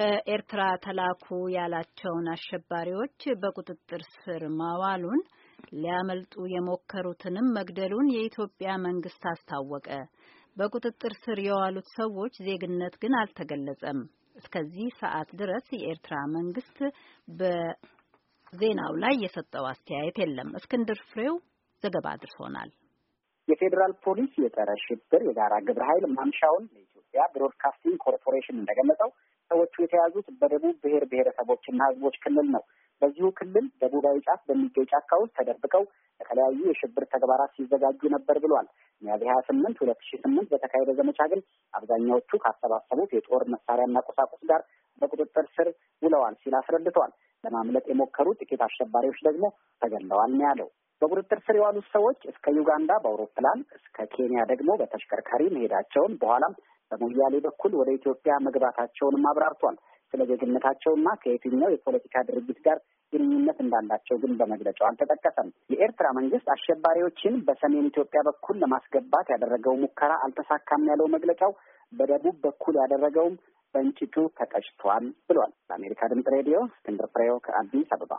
ከኤርትራ ተላኩ ያላቸውን አሸባሪዎች በቁጥጥር ስር ማዋሉን ሊያመልጡ የሞከሩትንም መግደሉን የኢትዮጵያ መንግስት አስታወቀ። በቁጥጥር ስር የዋሉት ሰዎች ዜግነት ግን አልተገለጸም። እስከዚህ ሰዓት ድረስ የኤርትራ መንግስት በዜናው ላይ የሰጠው አስተያየት የለም። እስክንድር ፍሬው ዘገባ አድርሶናል። የፌዴራል ፖሊስ የጸረ ሽብር የጋራ ግብረ ኃይል ማምሻውን ለኢትዮጵያ ብሮድካስቲንግ ኮርፖሬሽን እንደገለጸው ሰዎቹ የተያዙት በደቡብ ብሔር ብሔረሰቦችና ህዝቦች ክልል ነው። በዚሁ ክልል ደቡባዊ ጫፍ በሚገኝ ጫካ ውስጥ ተደብቀው ለተለያዩ የሽብር ተግባራት ሲዘጋጁ ነበር ብሏል። ሚያዝያ ሀያ ስምንት ሁለት ሺ ስምንት በተካሄደ ዘመቻ ግን አብዛኛዎቹ ካሰባሰቡት የጦር መሳሪያና ቁሳቁስ ጋር በቁጥጥር ስር ውለዋል ሲል አስረድተዋል። ለማምለጥ የሞከሩ ጥቂት አሸባሪዎች ደግሞ ተገለዋል ነው ያለው። በቁጥጥር ስር የዋሉት ሰዎች እስከ ዩጋንዳ በአውሮፕላን እስከ ኬንያ ደግሞ በተሽከርካሪ መሄዳቸውን በኋላም በሞያሌ በኩል ወደ ኢትዮጵያ መግባታቸውንም አብራርቷል። ስለ ዜግነታቸውና ከየትኛው የፖለቲካ ድርጅት ጋር ግንኙነት እንዳላቸው ግን በመግለጫው አልተጠቀሰም። የኤርትራ መንግስት አሸባሪዎችን በሰሜን ኢትዮጵያ በኩል ለማስገባት ያደረገው ሙከራ አልተሳካም ያለው መግለጫው፣ በደቡብ በኩል ያደረገውም በእንጭቱ ተቀጭቷል ብሏል። ለአሜሪካ ድምጽ ሬዲዮ እስክንድር ፍሬው ከአዲስ አበባ